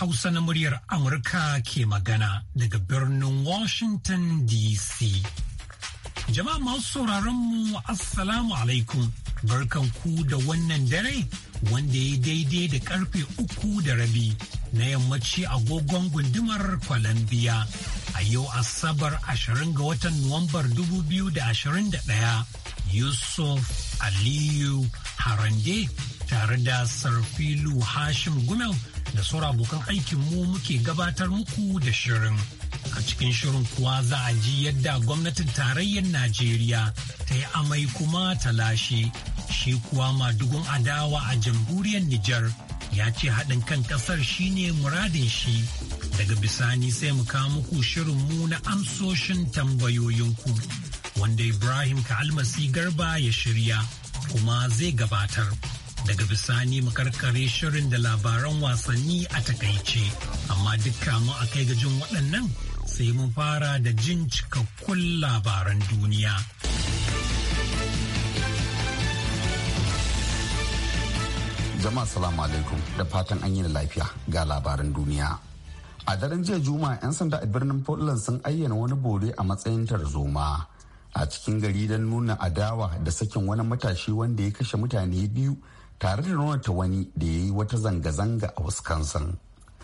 Hausa na muryar Amurka ke magana daga birnin Washington DC. Jama'a masu sauraron mu Assalamu alaikum barkan ku da wannan dare wanda ya daidai da karfe uku da rabi na yammaci agogon gundumar kwalambiya A yau Asabar 20 ga watan Nuwambar 2021 Yusuf Aliyu Harande tare da Sarfilu Hashim Gumel da sauran abokan aikin mu muke gabatar muku da shirin. A cikin shirin kuwa za a ji yadda gwamnatin tarayyar Najeriya ta yi amai kuma ta lashe. Shi kuwa madugun adawa a jamhuriyar Nijar ya ce haɗin kan ƙasar ne muradin shi. Daga bisani sai mu kawo muku shirin mu na amsoshin tambayoyinku wanda Ibrahim Ka'almasi Garba ya shirya kuma zai gabatar. daga bisani mu karkare shirin da labaran wasanni a takaice amma dukka mu a kai gajin waɗannan sai mun fara da jin cikakkun labaran duniya jama'a salamu alaikum da fatan an yi lafiya ga labaran duniya a daren jiya juma'a 'yan sanda a birnin portland sun ayyana wani bore a matsayin tarzoma a cikin gari don nuna adawa da sakin wani matashi wanda ya kashe mutane biyu tare da nuna wani da ya yi wata zanga-zanga a Wisconsin.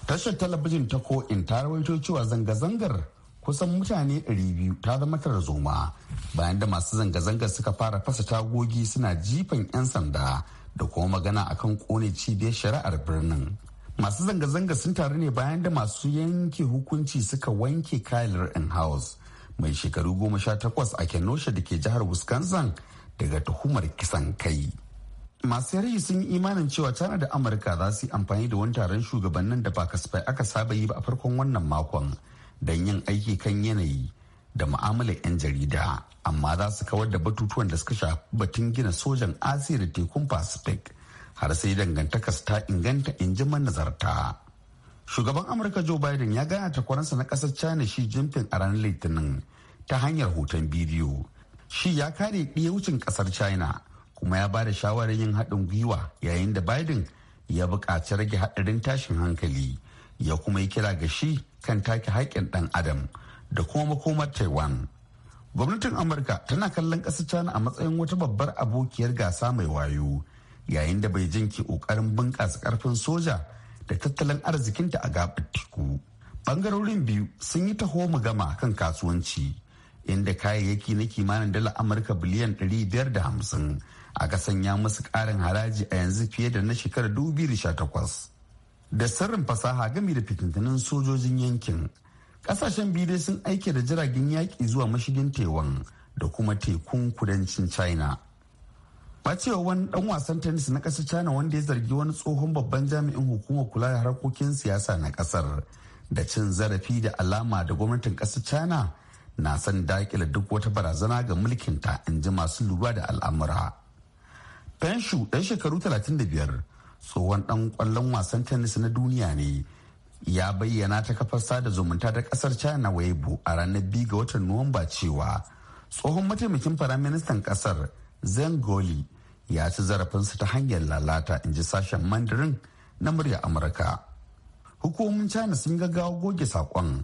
Tashar talabijin ta ko'in ta rawaito cewa zanga-zangar kusan mutane 200 ta zama tarzoma bayan da masu zanga-zangar suka fara fasa tagogi suna jifan 'yan sanda da kuma magana akan kone cibiyar shari'ar birnin. Masu zanga-zanga sun taru ne bayan da masu yanke hukunci suka wanke Kyler in-house mai shekaru goma sha takwas a Kenosha da ke jihar Wisconsin daga tuhumar kisan kai. masu yarji sun yi imanin cewa china da amurka za su yi amfani da wani taron shugabannin da ba kasafai aka saba yi ba a farkon wannan makon don yin aiki kan yanayi da mu'amalar 'yan jarida amma za su kawar da batutuwan da suka shafi batun gina sojan asiya da tekun pacific har sai dangantakas ta inganta in ji manazarta shugaban amurka joe biden ya gana takwaransa na kasar china shi jinping a ranar litinin ta hanyar hoton bidiyo shi ya kare wucin kasar china kuma ya ba da shawarar yin haɗin gwiwa yayin da biden ya buƙaci rage haɗarin tashin hankali ya kuma yi kira ga shi kan take haƙƙin ɗan adam da kuma makomar taiwan gwamnatin amurka tana kallon ƙasar china a matsayin wata babbar abokiyar gasa mai wayo yayin da bai ke ƙoƙarin bunƙasa ƙarfin soja da tattalin arzikinta a gaɓar teku ɓangarorin biyu sun yi taho mu gama kan kasuwanci inda kayayyaki na kimanin dala amurka biliyan 550 aka sanya musu ƙarin haraji a yanzu fiye da na shekarar 2018 da sirrin fasaha gami da fitintunan sojojin yankin kasashen biyu dai sun aike da jiragen yaƙi zuwa mashigin tewan da kuma tekun kudancin china bacewa wani dan wasan tennis na ƙasar china wanda ya zargi wani tsohon babban jami'in hukumar kula da harkokin siyasa na ƙasar da cin zarafi da alama da gwamnatin ƙasar china na son dakila duk wata barazana ga mulkinta in ji masu lura da al'amura fenshu ɗan shekaru 35 tsohon ɗan ƙwallon wasan tennis na duniya ne ya bayyana ta kafar sada zumunta da ƙasar china weibo a ranar 2 ga watan nuwamba cewa tsohon mataimakin firaministan ƙasar goli ya ci zarafinsa ta hanyar lalata in ji sashen mandarin na murya amurka hukumomin china sun gaggawa goge saƙon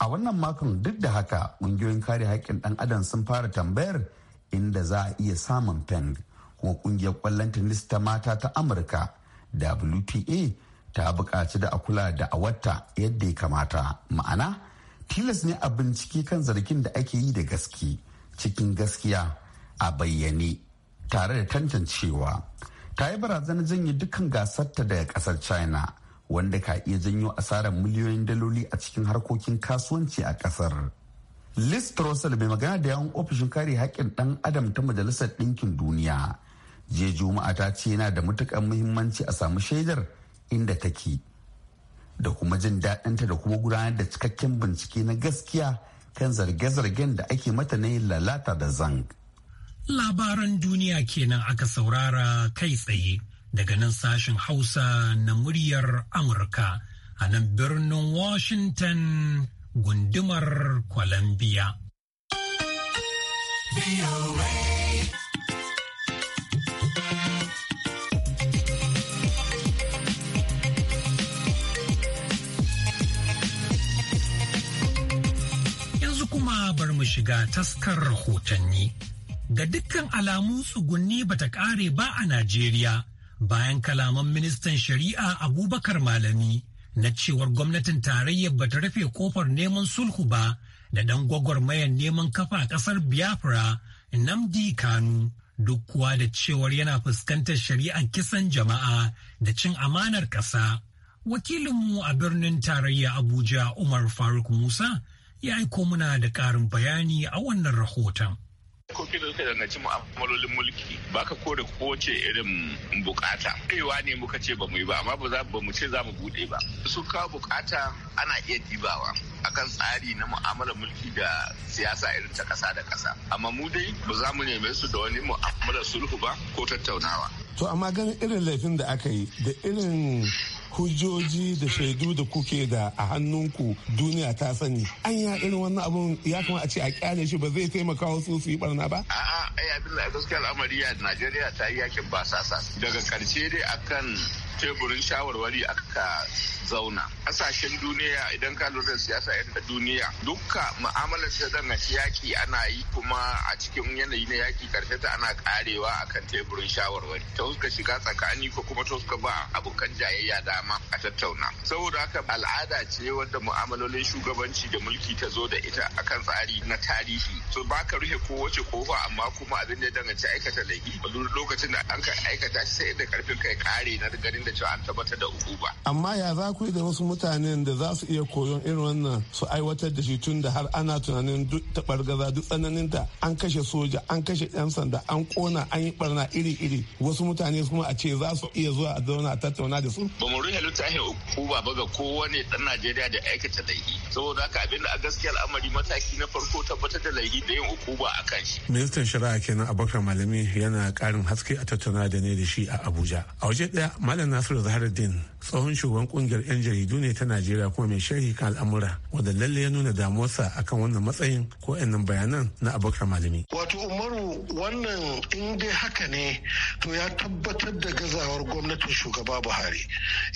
a wannan makon duk da haka ƙungiyoyin kare haƙƙin ɗan adam sun fara tambayar inda za a iya samun peng ko kungiyar kwallon tennis ta mata ta amurka wta ta bukaci da a kula da a watta yadda ya kamata ma'ana tilas ne a bincike kan zargin da ake yi da gaske cikin gaskiya a bayyane tare da tantancewa ta yi barazanar janye dukkan gasarta daga ƙasar china wanda ka iya janyo asarar miliyoyin daloli a cikin harkokin kasuwanci a ƙasar liz trussell mai magana da yawon ofishin kare haƙƙin ɗan adam ta majalisar ɗinkin duniya jiya juma'a ta ce yana da matukan muhimmanci a samu shaidar inda take da kuma jin daɗinta da kuma gudanar da cikakken bincike na gaskiya kan zarge-zargen da ake mata na yin lalata da zang. Labaran duniya kenan aka saurara kai tsaye daga nan sashen Hausa na muryar Amurka a nan birnin Washington gundumar Columbia. bar mu shiga taskar rahotanni. Ga dukkan alamu tsugunni bata kare ba a Najeriya bayan kalaman ministan shari'a Abubakar Malami na cewar gwamnatin tarayyar bata rufe kofar neman sulhu ba da ɗan gwagwarmayar neman kafa ƙasar Biafra Namdi Kanu. Duk kuwa da cewar yana fuskantar shari'ar kisan jama'a da cin amanar ƙasa. Wakilinmu a birnin tarayya Abuja Umar Faruk Musa ya aiko muna da karin bayani a wannan rahoton. Kofi da suka danganci mu'amalolin mulki ba ka kore kowace irin bukata kaiwa ne muka ce ba mu yi ba amma ba mu ce za mu bude ba su kawo bukata ana iya dibawa akan tsari na mu'amalar mulki da siyasa irin ta kasa da kasa amma mu dai ba za mu neme su da wani mu'amalar sulhu ba ko tattaunawa to amma ganin irin laifin da aka yi da irin hujjoji da shaidu da kuke da a hannunku duniya ta sani an ya irin wannan abun ya kama a ce a kyale shi ba zai taimaka wasu su yi barna ba a'a ai abdullahi gaskiya al'amari ya Najeriya ta yi yakin ba sasa daga karshe dai akan teburin shawarwari aka zauna kasashen duniya idan ka lura da siyasa yadda duniya dukka mu'amalar ta na yaki ana yi kuma a cikin yanayi na yaki karshe ta ana karewa akan teburin shawarwari ta suka shiga tsakani ko kuma ta suka ba abokan jayayya dama a tattauna saboda haka al'ada ce wadda mu'amalolin shugabanci da mulki ta zo da ita akan tsari na tarihi to ba ka rufe kowace kofa amma kuma abin da ya danganci aikata laifi lokacin da an ka aikata sai da karfin kai kare na ganin da da cewa an tabbatar da ba. Amma ya za ku yi da wasu mutanen da za su iya koyon irin wannan su aiwatar da shi tun da har ana tunanin duk taɓargaza duk tsananin da an kashe soja an kashe yan sanda an kona an yi barna iri-iri wasu mutane kuma a ce za su iya zuwa a zauna a tattauna da su. Ba mu rufe littafin ba ga kowane ɗan Najeriya da aikata laifi. Saboda haka abinda a gaskiya al'amari mataki na farko tabbatar da laifi da yin ukuba a kan shi. Ministan Shari'a kenan Abubakar Malami yana ƙarin haske a tattauna da ne da shi a Abuja. A waje ɗaya Malam na. nasiru zaharuddin tsohon shugaban kungiyar 'yan jaridu ne ta najeriya kuma mai sharhi kan al'amura wanda lalle ya nuna damuwarsa akan wannan matsayin ko yannan bayanan na abokan malami wato umaru wannan in dai haka ne to ya tabbatar da gazawar gwamnatin shugaba buhari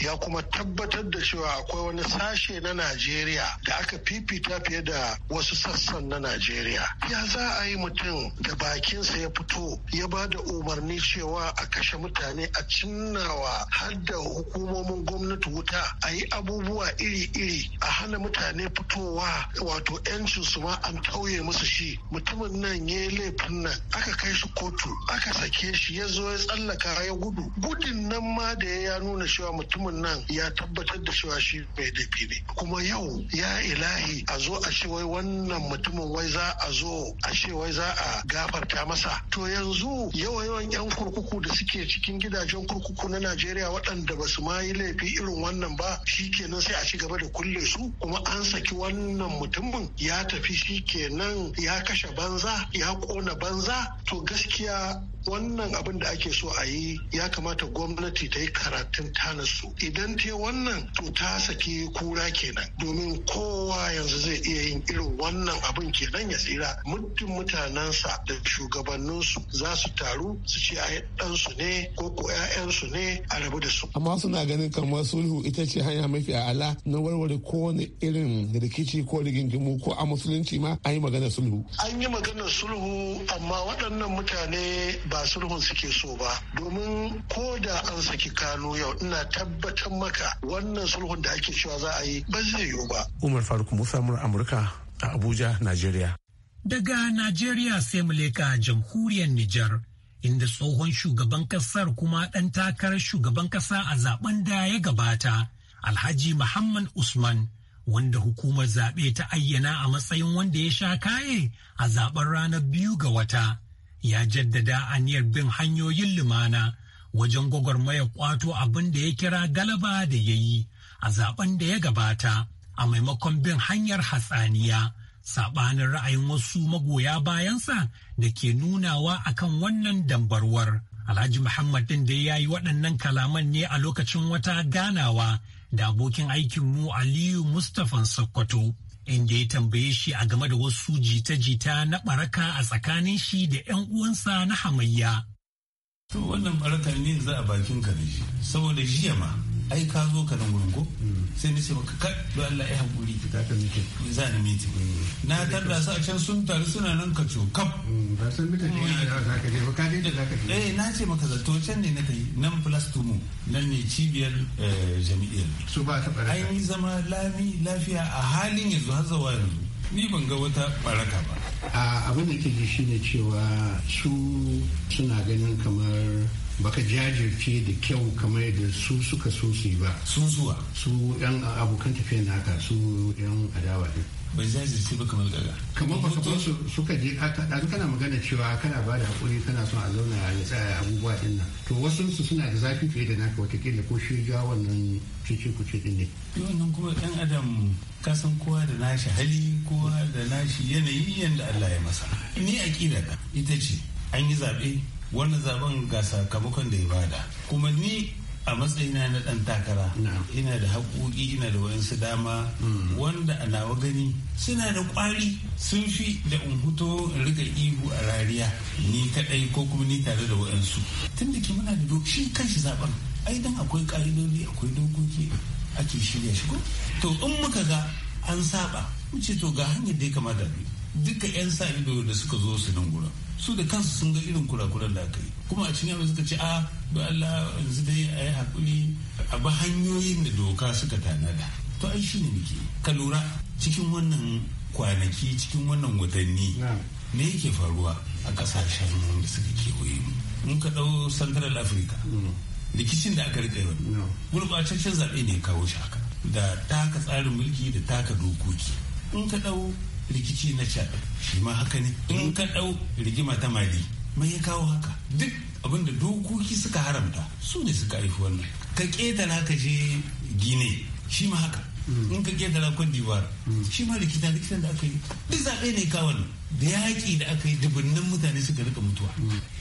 ya kuma tabbatar da cewa akwai wani sashe na najeriya da aka fifita fiye da wasu sassan na najeriya ya za a yi mutum da bakinsa ya fito ya ba da umarni cewa a kashe mutane a cinnawa har samar da hukumomin gwamnati wuta a yi abubuwa iri-iri a hana mutane fitowa wato 'yancin su ma an tauye musu shi mutumin nan ya yi laifin nan aka kai shi kotu aka sake shi ya zo ya tsallaka ya gudu gudun nan ma da ya nuna cewa mutumin nan ya tabbatar da cewa shi mai laifi ne kuma yau ya ilahi a zo a ce wai wannan mutumin wai za a zo a ce wai za a gafarta masa to yanzu yawa yawan 'yan kurkuku da suke cikin gidajen kurkuku na najeriya waɗanda ba su ma yi laifi irin wannan ba shi kenan sai a ci gaba da kulle su kuma an saki wannan mutumin ya tafi shi kenan ya kashe banza ya ƙona banza to gaskiya wannan abin da ake so a yi ya kamata gwamnati ta yi karatun tanasu idan ta wannan to ta saki kura kenan domin kowa yanzu zai iya yin irin wannan abin kenan ya tsira muddin mutanensa da shugabanninsu za su taru su ce a ɗansu ne ko ko 'ya'yansu ne a rabu da da su. Amma suna ganin kamar sulhu ita ce hanya mafi ala na warware kowane irin rikici ko rigingimu ko a musulunci ma an yi magana sulhu. An yi magana sulhu amma waɗannan mutane ba sulhun suke so ba domin ko da an saki Kano yau ina tabbatar maka wannan sulhun da ake cewa za a yi ba zai yiwu ba. Umar Faruk Musa Amurka a Abuja, Najeriya. Daga Najeriya sai mu leka jamhuriyar Nijar. inda tsohon shugaban kasar kuma ɗan takarar shugaban kasa a zaben da ya gabata alhaji muhammad usman wanda hukumar zaɓe ta ayyana a matsayin wanda ya sha kaye a zaben ranar biyu ga wata ya jaddada aniyar bin hanyoyin lumana wajen gwagwarmayar kwato abin da ya kira galaba da ya yi a zaben da ya gabata a maimakon bin hanyar hatsaniya. saɓanin ra'ayin wasu magoya bayansa da ke nunawa akan wannan dambarwar. Alhaji Muhammad din da ya yi waɗannan kalaman ne a lokacin wata ganawa da abokin aikinmu Aliyu Mustapha Sokoto. inda ya tambaye shi a game da wasu jita-jita na baraka a tsakanin shi da 'yan uwansa na hamayya. To wannan baraka ne za a bakin ka da shi, saboda jiya ma ai ka zo ka nan gurin ko hmm. sai ni ce maka kad do Allah ya hakuri ka ka miki za ni miki hmm. na tarda su a can sun taru suna nan ka ciwo kaf hmm, ba san mita ne za ka je ba ka je da za ka je eh na ce maka zato can ne na kai nan plus two mu nan ne cibiyar eh, jami'iyar su ba ta baraka ai zama lami lafiya a halin yanzu har zawa yanzu ni ban ga wata baraka ba abin da ke ji shine cewa su suna ganin kamar baka jajirce da kyau kamar yadda su suka so su yi ba sun zuwa su yan abokan tafiya naka su yan adawa ne bai jajirce ba kamar gaga kamar ba kamar su suka je a kana magana cewa kana ba da hakuri kana son a zauna a tsaya abubuwa din nan to wasu su suna da zafi fiye da naka watakila ko shi ja wannan cece kuce din ne wannan kuma yan adam kasan kowa da nashi hali kowa da nashi yanayi yanda Allah ya masa ni aƙida ita ce an yi zaɓe wannan zaben ga sakamakon da ya bada kuma ni a matsayina na ɗan takara ina da haƙoƙi ina da wayansu dama hmm. wanda a nawa gani suna da ƙwari sun fi da in riga ihu a rariya ni kaɗai ko kuma ni tare da wayansu tun da ke muna da doki kanshi zaben ai dan akwai ƙa'idodi akwai dokoki ake shirya shigo to in muka ga an saba mu ce to ga hanyar da ya kamata bi duka 'yan sa ido da suka zo su nan gurin su da kansu sun ga irin kurakuran da aka yi kuma a cikin suka ce a ah, ba Allah yanzu dai a yi haƙuri a ba hanyoyin da doka suka tanada to ai shi ne muke ka lura cikin wannan kwanaki cikin wannan watanni ne yake faruwa a kasashen da suka kewaye mu mun ka ɗau central africa mm. rikicin da aka rika wani gurɓataccen zaɓe ne kawo shi haka da taka tsarin mulki da taka dokoki in ka ɗau rikici na caɗa shi ma haka ne in eh. ka ɗau rigima ta mali mai ya kawo haka duk abinda dokoki suka haramta su ne suka haifi wannan ka ƙetara ka je gine shi ma haka in ka da Cote diwar shi ma rikita likitan da aka yi duk zaɓe ne kawai da yaƙi da aka yi dubunnan mutane suka rika mutuwa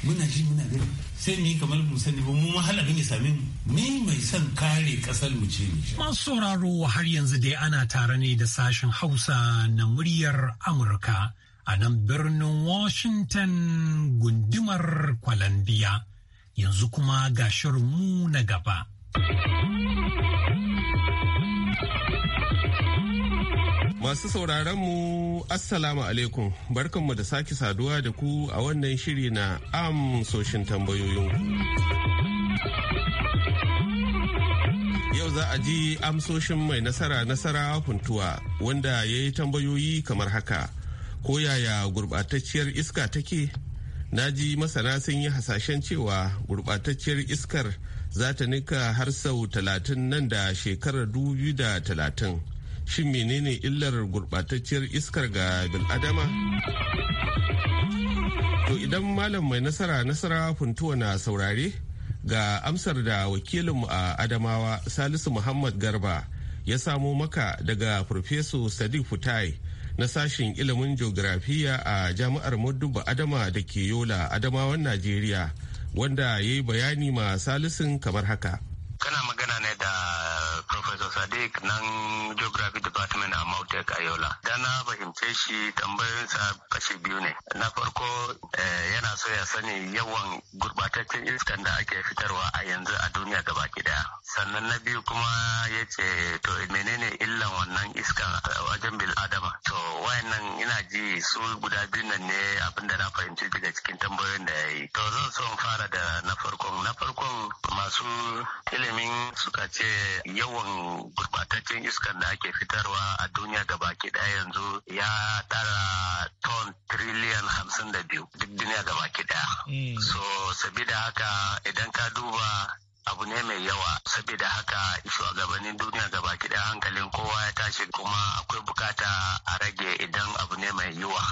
muna shi muna gani sai mu yi kamar mu sani ba mu mahalabin ya same mu ni mai son kare ƙasar mu ce ne masu sauraro har yanzu dai ana tare ne da sashen Hausa na muryar Amurka a nan birnin Washington gundumar kwalambiya yanzu kuma ga mu na gaba. Masu sauraron mu Assalamu alaikum barkanmu da sake saduwa da ku a wannan shiri na amsoshin tambayoyin. Yau za a ji amsoshin mai nasara nasara kuntuwa wanda ya yi tambayoyi kamar haka. Ko yaya gurɓatacciyar iska take? Na ji masana sun yi hasashen cewa gurɓatacciyar iskar za ta nika har sau talatin nan da shekarar talatin. shin menene illar gurɓatacciyar iskar ga bil'adama? To idan malam mai nasara nasara funtuwa na saurare ga amsar da wakilinmu a Adamawa Salisu Muhammad Garba ya samo maka daga Profeso Sadiq Futai na sashen ilimin geografiya a jami'ar Maduba Adama da ke Yola Adamawan Najeriya wanda ya yi bayani ma Salisun kamar haka. sadiq nan geography department a mautek ayola da na fahimce shi tambayoyinsa kashi biyu ne na farko eh, yana so ya sani yawan gurbataccen iskan da ake fitarwa a yanzu a duniya gaba daya sannan na biyu kuma ya ce to menene illan wannan iskan wajen bil adama to wayannan ina ji su guda biyu nan ne da na fahimci daga cikin tambayoyin da ya yi to zan so fara da na farkon na farkon masu ilimin suka ce yawan gurbataccen iskar da ake fitarwa a duniya gabaki daya yanzu ya tara ton triliyan hamsin da biyu duk duniya gabaki daya hmm. so sabida haka idan ka duba abu ne mai yawa saboda haka shugabannin duniya gaba kiɗa hankalin kowa ya tashi kuma akwai bukata a rage idan abu ne mai yiwa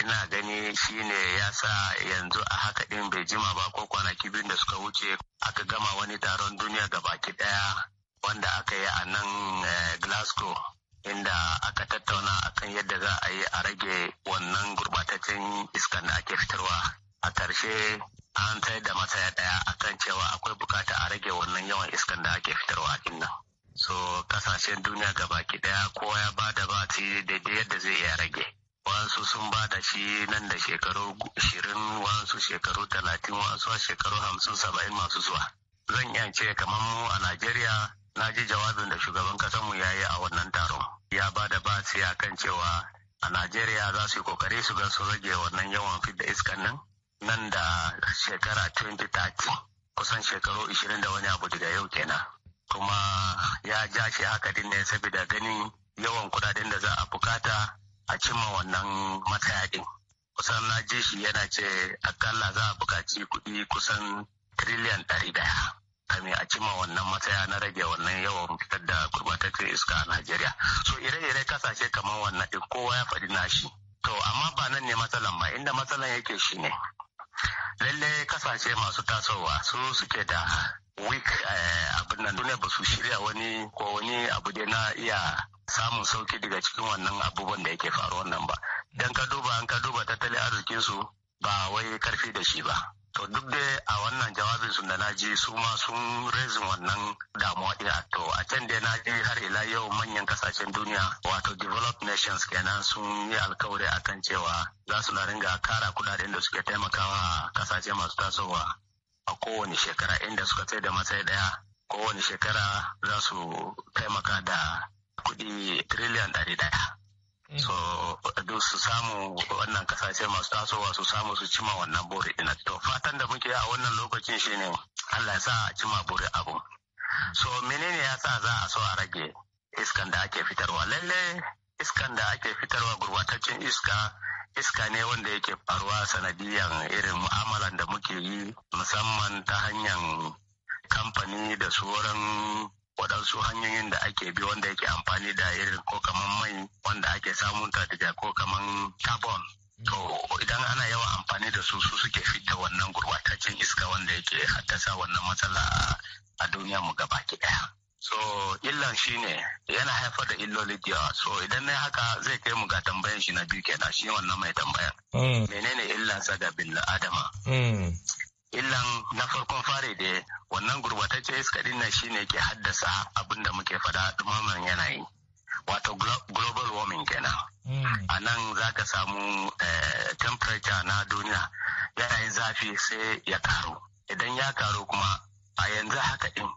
ina gani shine ya sa yanzu a haka ɗin bai jima ba ko kwanaki biyu da suka wuce aka gama wani taron duniya gaba ɗaya wanda aka yi a nan eh, Glasgow inda aka tattauna akan yadda za a yi a rage wannan gurbataccen iska da ake fitarwa a ƙarshe an tsayar da matsaya ɗaya akan cewa akwai bukata a rage wannan yawan iska da ake fitarwa a nan so kasashen duniya baki ɗaya kowa ya ba da bati daidai yadda zai iya rage wasu sun ba da shi nan da shekaru ashirin wasu shekaru talatin wasu shekaru hamsin saba'in masu zuwa zan iya ce kamar mu a najeriya na ji jawabin da shugaban kasanmu ya yi a wannan taron ya ba da ba siya kan cewa a najeriya za su yi kokari su gan su rage wannan yawan fidda iskan nan nan da shekara 2030 kusan shekaru 20 da wani abu daga yau kenan kuma ya ja shi haka din ne saboda ganin yawan kudaden da za a bukata a cimma wannan matsayakin kusan na ji shi yana ce akalla za a bukaci kuɗi kusan triliyan ɗari daya kame a cima wannan mataya na rage wannan yawan fitar da gurbataccen iska a Najeriya. So ire-ire kasashe kamar wannan ɗin kowa ya faɗi nashi. To amma ba nan ne matsalan ba inda matsalan yake shi ne. Lalle kasashe masu tasowa su suke da week eh, abin nan ba su shirya wani ko wani abu da na iya samun sauki daga cikin wannan abubuwan da yake faruwa nan ba. Dan ka duba an ka duba tattalin arzikinsu ba wai karfi da shi ba. to duk da a wannan jawabin sun da na ji su ma sun rezin wannan damuwa ina to a can da na ji har ila yau manyan kasashen duniya wato developed nations kenan sun yi alkawari kan cewa za su na ringa kara kudaden da suke taimakawa kasashe masu tasowa a kowane shekara inda suka tsaye da matsayi daya kowane shekara za su taimaka da kudi triliyan ɗari daya so duk su samu wannan kasashe masu tasowa su samu su cima wannan buri din to fatan da muke a wannan lokacin shine Allah ya sa a cima buri abu so menene ya sa za a so a rage iskan da ake fitarwa lalle iskan da ake fitarwa gurbataccen iska iska ne wanda yake faruwa sanadiyan irin mu'amalan da muke yi musamman ta hanyar kamfani da sauran waɗansu hanyoyin da ake bi wanda yake amfani da irin ko kaman mai wanda ake samun ta daga ko kaman carbon to idan ana yawan amfani da su su suke fita wannan gurbataccen iska wanda yake haddasa wannan matsala a duniya mu gaba ki daya so illan shi ne yana haifar da illoli da yawa so idan na haka zai kai mu ga tambayan shi na biyu kenan shi wannan mai tambayan hmm. menene illansa ga bin adama hmm. illan na farkon fare da wannan gurbatacce iska din nan shine ke haddasa abin da muke fada dumaman yanayi wato global warming kenan hmm. a nan za ka samu eh, temperature na duniya yanayin zafi sai ya karu idan ya karu kuma a yanzu haka din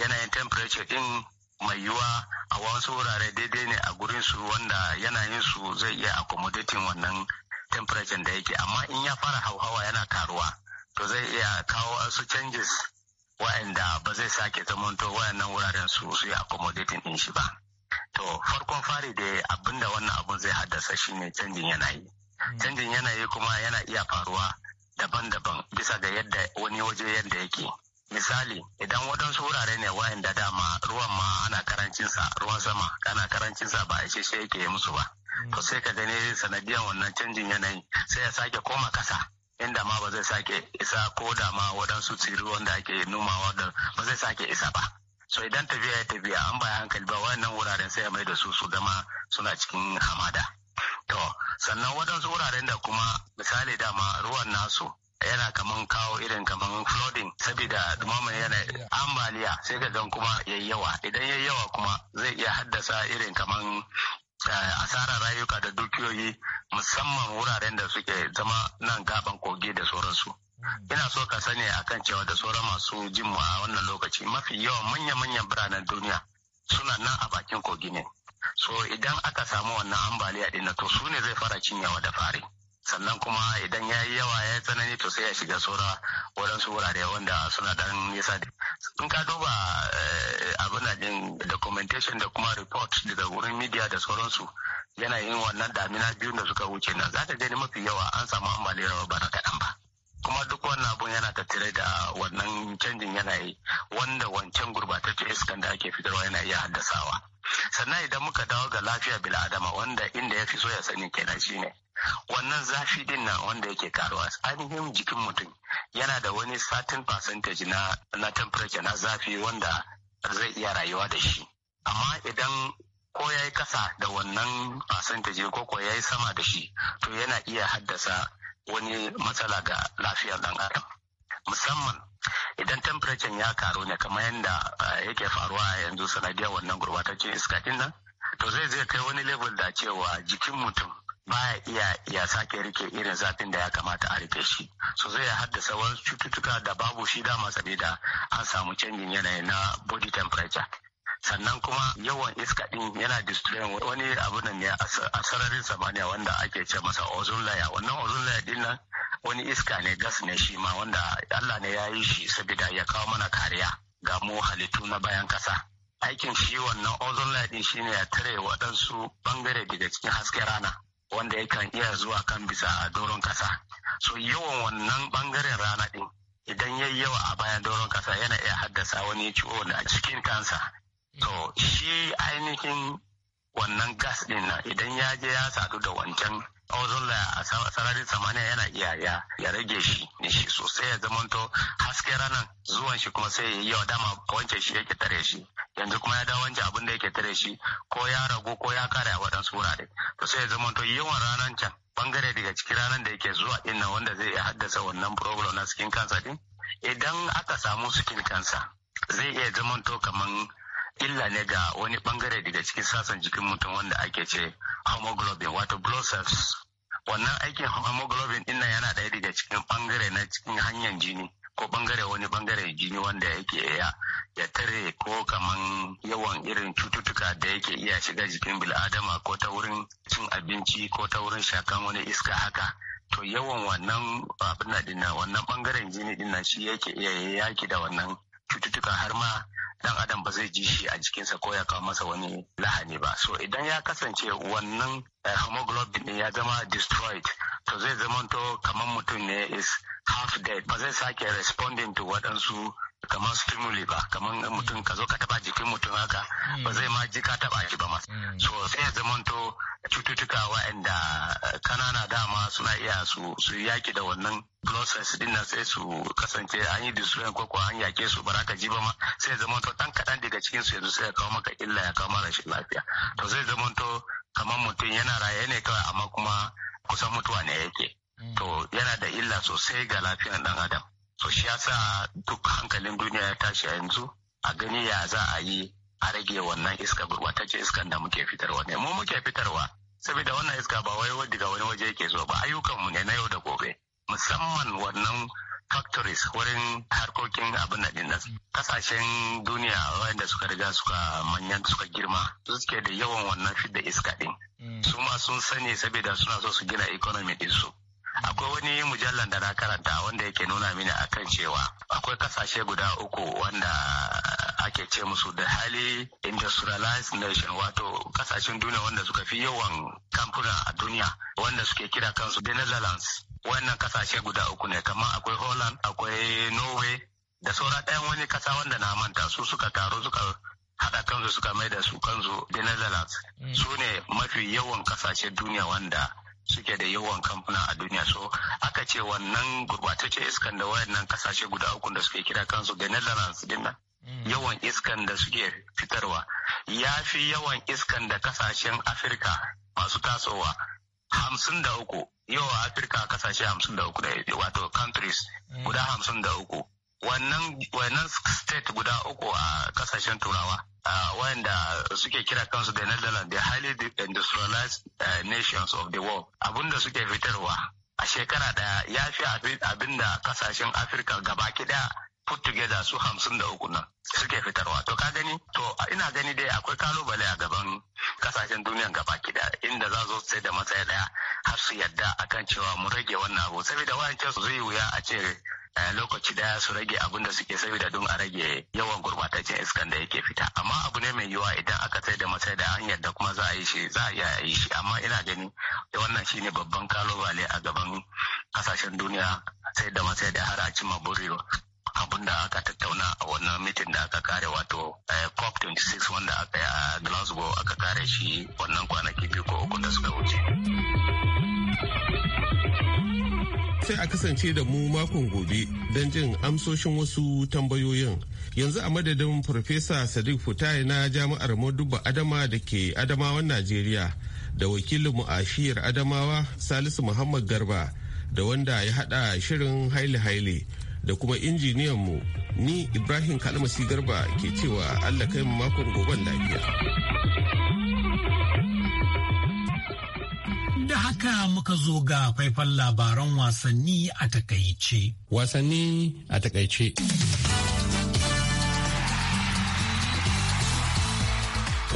yanayin temperature din mai yiwa a wasu wurare daidai ne a gurin su wanda yanayin su zai iya accommodating wannan temperature da yake amma in ya fara hauhawa yana karuwa to zai iya kawo wasu changes wa'anda ba zai sake zamanto wayannan wuraren su su yi accommodating din shi ba to farkon fari da abinda wannan abun zai haddasa shine canjin yanayi hmm. canjin yanayi kuma yana iya faruwa daban-daban bisa ga yadda wani waje yadda yake misali idan wadansu wurare ne wayanda dama ruwan ma ana karancinsa ruwan sama ana karancinsa ba ishe shi yake musu ba hmm. to sai ka gani sanadiyan wannan canjin yanayi sai ya sake koma kasa inda ma ba zai sake isa ko da ma waɗansu tsiri wanda ake nomawa da ba zai sake isa ba so idan tafiya ya tafiya an baya hankali ba wayannan wuraren sai a mai da su su dama suna cikin hamada to sannan waɗansu wuraren da kuma misali dama ruwan nasu yana kaman kawo irin kaman flooding saboda dumamin yana ambaliya sai ka gan kuma yayi yawa idan yayi yawa kuma zai iya haddasa irin kaman asarar rayuka da dukiyoyi musamman wuraren da suke zama nan gaban kogi da sauransu. Hmm. Ina so ka sani akan cewa da sauran masu jin a wannan lokaci mafi yawan manya-manyan biranen duniya suna nan a bakin kogi ne. So idan aka samu wannan ambaliya din to su ne zai fara cinyawa da fari. sannan kuma idan ya yi yawa ya tsanani to sai ya shiga saura waɗansu wurare wanda suna dan nisa in ka duba eh, abin da jin documentation da kuma report daga wurin media da sauransu yana yin wannan damina biyu da suka wuce na. za je gani mafi yawa an samu ambaliyar ba na kaɗan ba kuma duk wannan abun yana tattare da wannan canjin yanayi wanda wancan gurbatacce iskan da ake fitarwa yana iya haddasawa sannan idan muka dawo ga lafiya bil'adama wanda inda ya fi so ya sani kenan shine wannan zafi din na wanda yake karuwa ainihin jikin mutum yana da wani satin percentage na na temperature na zafi wanda zai iya rayuwa da shi amma idan ko ya yi kasa da wannan percentage ko ko ya yi sama da shi to yana iya haddasa wani matsala ga lafiyar dan adam musamman idan temperature ya karu ne kamar yadda eh, yake faruwa a yanzu sanadiyar wannan gurbataccen iska din nan to zai zai kai wani level da cewa jikin mutum baya iya ya sake rike irin zafin da ya kamata a rike shi so zai haddasa wasu cututtuka da babu shi dama da an samu canjin yanayi na body temperature sannan kuma yawan iska din yana destroying wani abu nan ne a sararin samaniya wanda ake ce masa ozone layer wannan ozone layer din nan wani iska ne gas ne shi ma wanda Allah ne ya yi shi saboda ya kawo mana kariya ga mu halittu na bayan kasa aikin shi wannan ozone layer din shine ya tare waɗansu bangare daga cikin hasken rana wanda yakan iya zuwa kan bisa a doron kasa so yawan wannan bangaren rana din idan ya yawa a bayan doron kasa yana iya haddasa wani ciwo a cikin kansa to mm. shi ainihin wannan gas din na idan ya je ya sadu da wancan ozon a sararin samaniya yana iya ya rage shi shi sosai ya zamanto haske ranar zuwan shi kuma sai ya yi wa dama wancan shi yake tare shi yanzu kuma ya dawo wancan abin da yake tare shi ko ya ragu ko ya kare a waɗansu wurare to sai ya zamanto yawan ranar can bangare daga cikin ranar da yake zuwa din nan wanda zai haddasa wannan problem na skin cancer din idan aka samu skin cancer zai iya zamanto kaman illa ne ga wani bangare daga cikin sassan jikin mutum wanda ake ce homoglobin wato blood cells wannan aikin homoglobin dinnan yana ɗaya daga cikin bangare na cikin hanyar jini ko bangare wani bangare jini wanda yake iya ya tare ko kaman yawan irin cututtuka da yake iya shiga jikin bil'adama ko ta wurin cin abinci ko ta wurin shakan wani iska haka to yawan wannan abin na wannan bangaren jini din shi yake iya yaki da wannan cututtuka har ma dan adam ba zai ji shi a jikinsa ko ya kawo masa wani lahani ba so idan ya kasance wannan eh, hemoglobin din ya zama destroyed to zai zamanto kamar mutum ne is half dead ba zai sake responding to waɗansu kamar stimuli ba kamar mutum ka zo ka taba jikin mutum haka ba hmm. zai ma ji taba shi ba ma hmm. so sai ya zamanto cututtuka waɗanda kanana eh, dama suna iya su yaki da wannan process din na sai su kasance an yi disuwan ko an yake su baraka ji ba ma sai zama to dan kaɗan daga cikin su yanzu sai ya kawo maka illa ya kawo rashin lafiya to zai zama to kamar mutum yana raye ne kawai amma kuma kusan mutuwa ne yake mm. to yana da illa sosai ga lafiyar dan adam to shi yasa duk hankalin duniya ya tashi yanzu a gani ya za a yi a rage wannan iska ce iskan da muke fitarwa ne mu muke fitarwa saboda wannan iska ba wai daga wani waje yake zuwa ba ayyukanmu ne na yau da gobe musamman wannan factories wurin harkokin abin da dinnan kasashen duniya wanda suka riga suka manyan suka girma su suke da yawan wannan da iska din mm. su ma sun sani saboda suna so su gina economy din su akwai wani mujallar da na karanta wanda yake nuna mini akan cewa akwai kasashe guda uku wanda ake ce musu da hali industrialized nation wato kasashen duniya wanda suka fi yawan kamfuna a duniya wanda suke kira kansu the netherlands wannan kasashe guda uku ne kamar akwai holland akwai norway da saura ɗayan wani kasa wanda na manta su suka taru suka haɗa kansu suka mai da su kansu the netherlands mm. su ne mafi yawan kasashe duniya wanda suke da yawan kamfuna a duniya so aka ce wannan gurbatacce iskan da wayannan kasashe guda uku da suke kira kansu the netherlands din nan Mm. yawan iskan da suke fitarwa ya fi yawan iskan da kasashen afirka masu tasowa hamsin da uku yawa afirka kasashe hamsin da uku wato countries mm. guda hamsin da uku wannan state guda uku a kasashen turawa wanda suke kira kansu da netherlands the highly industrialized eh, nations of the world abinda suke fitarwa a shekara da ya fi abinda kasashen afirka gaba daya put together su hamsin da uku nan suke fitarwa to ka gani to ina gani dai akwai kalubale a gaban kasashen duniyan gaba kida inda za zo sai da matsaya daya har su yadda akan cewa mu rage wannan abu saboda wayancan su zai wuya a ce eh, lokaci daya su rage abin da suke saboda don a rage yawan gurbataccen iskan da yake fita amma abu ne mai yiwuwa idan aka sai da matsaya da hanyar da kuma za a yi shi za a iya yi shi amma ina gani wannan shine babban kalubale a gaban kasashen duniya sai da matsaya da har a cimma burewa abin da aka tattauna a wannan mitin da aka kare wato eh, cop 26 wanda aka yi a glasgow aka kare shi wannan kwanaki biyu ko uku da suka wuce sai a kasance da mu makon gobe don jin amsoshin wasu tambayoyin yanzu a madadin farfesa sadiq futai na jami'ar maduba adama da ke adamawan najeriya da wakilinmu a shiyar adamawa salisu muhammad garba da wanda ya hada shirin haile-haile da kuma mu ni ibrahim kalmasi garba ke cewa allah kai makon goben lafiya da haka muka zo ga faifan labaran wasanni a takaice wasanni a takaice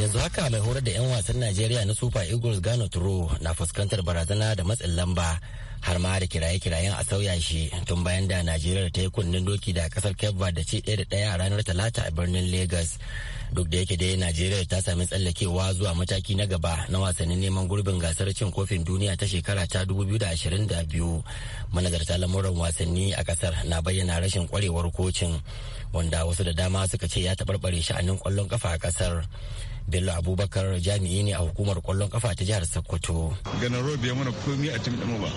yanzu haka mai horar da 'yan wasan najeriya na super eagles gano turo na fuskantar barazana da matsin lamba har ma da kiraye-kirayen a sauya shi tun bayan da najeriya ta yi kunnen doki da kasar kebba da ce ɗaya da ɗaya a ranar talata a birnin lagos duk da yake dai najeriya ta sami tsallakewa zuwa mataki na gaba na wasannin neman gurbin gasar cin kofin duniya ta shekara ta 2022 manajarta lamuran wasanni a kasar na bayyana rashin kwarewar kocin wanda wasu da dama suka ce ya taɓarɓare sha'anin kwallon ƙafa a kasar bello abubakar jami'i ne a hukumar kwallon kafa ta jihar sokoto ga narobi ya mana komi a tim ba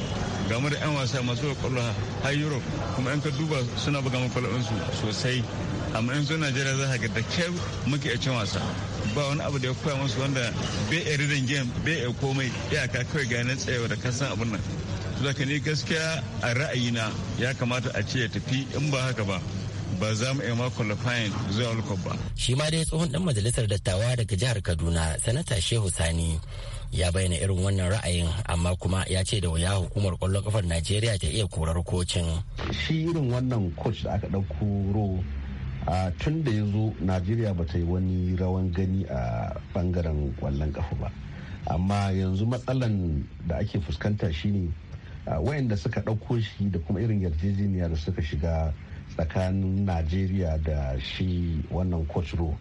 ga da yan wasa masu kwallo har europe kuma yan ka duba suna buga mu kwallon sosai amma yanzu najeriya za ka ga da kyau muke a cikin wasa ba wani abu da ya koya musu wanda bai a ridin game bai a komai iyaka kawai ga nan tsayawa da kasan abun nan zaka ni gaskiya a ra'ayina ya kamata a ce ya tafi in ba haka ba ba za mu iya ma qualifying zuwa World ba. Shi ma dai tsohon dan majalisar dattawa daga jihar Kaduna, Sanata Shehu Sani ya bayyana irin wannan ra'ayin amma kuma ya ce da wuya hukumar kwallon kafar Najeriya ta iya korar kocin. Shi irin wannan coach da aka ɗauko ro a tun da ya zo Najeriya ba ta yi wani rawan gani a bangaren kwallon kafa ba. Amma yanzu matsalan da ake fuskanta shine wayanda suka ɗauko shi da kuma irin yarjejeniya da suka shiga tsakanin najeriya da shi wannan kochiro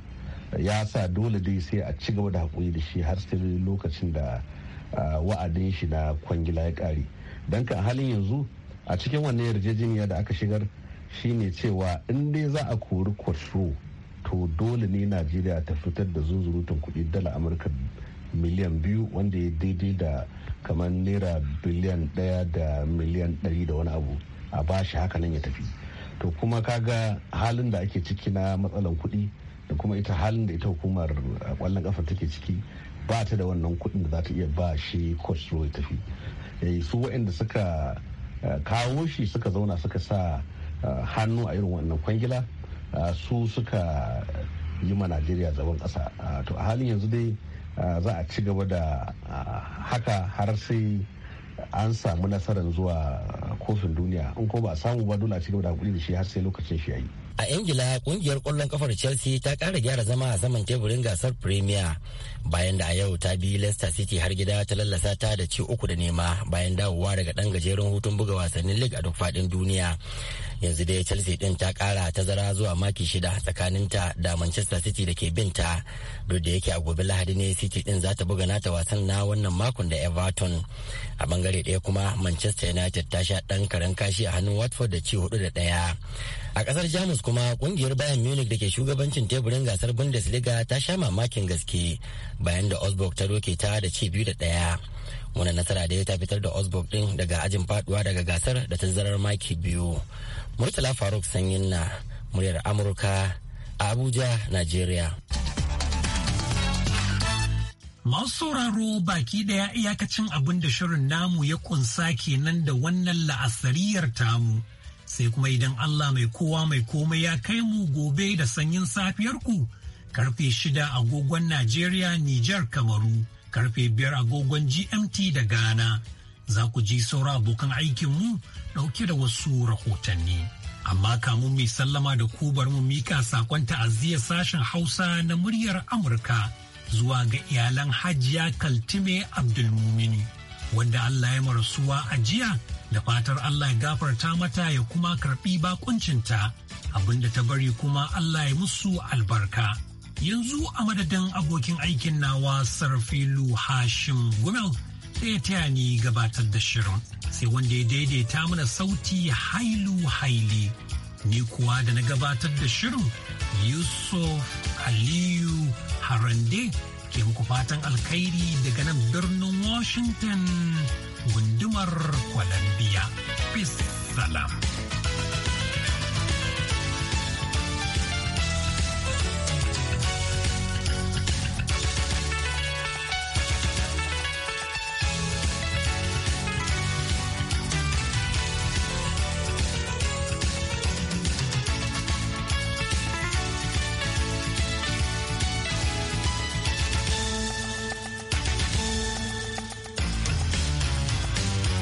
ya sa dole dai sai a ci gaba da haƙuri da shi har sai lokacin da wa'adin shi na kwangila ya ƙare don ka halin yanzu a cikin wannan yarjejeniya da aka shigar shi ne cewa in dai za a kori kochiro to dole ne najeriya ta fitar da zunzurutun kuɗi dala amurka miliyan biyu wanda ya daidai da kamar naira biliyan ɗaya da miliyan ɗari da wani abu a bashi hakanan ya tafi to kuma kaga halin da ake ciki na matsalan kuɗi da kuma ita halin da ita hukumar eh, ƙwallon ƙafa take ciki ba ta da wannan kuɗin da za ta iya ba shi coach ya tafi eh, su waɗanda suka eh, kawo shi suka zauna suka sa hannu a irin wannan kwangila su suka yi ma najeriya zaben ƙasa to a halin yanzu dai za a ci gaba da haka har sai an samu nasarar zuwa kofin duniya in ko ba samu ba dole a cigaba da hakuri da shi har sai lokacin shi yayi a ingila kungiyar kwallon kafar chelsea ta kara gyara zama a saman teburin gasar premier bayan da a yau ta bi leicester city har gida ta lallasa ta da ci uku da nema bayan dawowa daga dan gajeren hutun buga wasannin league a duk fadin duniya yanzu dai chelsea din ta kara tazara zuwa maki shida tsakaninta da manchester city da ke binta duk da yake a gobe lahadi ne city din za ta buga nata wasan na wannan makon da everton a bangare ɗaya kuma manchester united ta sha ɗan karen kashi a hannun watford da ci hudu da ɗaya a kasar jamus kuma kungiyar bayan munich da ke shugabancin teburin gasar bundesliga ta sha mamakin gaske bayan da osburg ta roke ta da ci biyu da daya wani nasara da ya ta fitar da osburg din daga ajin faduwa daga gasar da tazarar maki biyu murtala faruk sanyin na muryar amurka a abuja nigeria Masu sauraro baki daya iyakacin abin da shirin namu ya kunsa kenan da wannan la'asariyar tamu. sai kuma idan Allah mai kowa mai komai ya kai mu gobe da sanyin safiyar ku? karfe shida agogon Najeriya, Nijar, Kamaru, karfe biyar agogon GMT da Ghana. Za ku ji saura abokan aikinmu ɗauke da wasu rahotanni. Amma kamun mai sallama da kubar mu mika sakon ta'aziyyar sashen Hausa na muryar Amurka zuwa ga iyalan Hajiya Kaltime Abdulmumini, wanda Allah ya marasuwa a jiya da fatar Allah ya gafarta mata ya kuma karbi bakuncinta abinda ta bari kuma Allah ya musu albarka. Yanzu a madadin abokin aikin nawa Sarfilu Hashim Gumel da ya taya ni gabatar da shirin sai wanda ya daidaita mana sauti hailu haili. Ni kuwa da na gabatar da shirin Yusuf Aliyu Harande ke muku fatan alkhairi daga nan birnin Washington. gundumar Columbia. Peace, salam.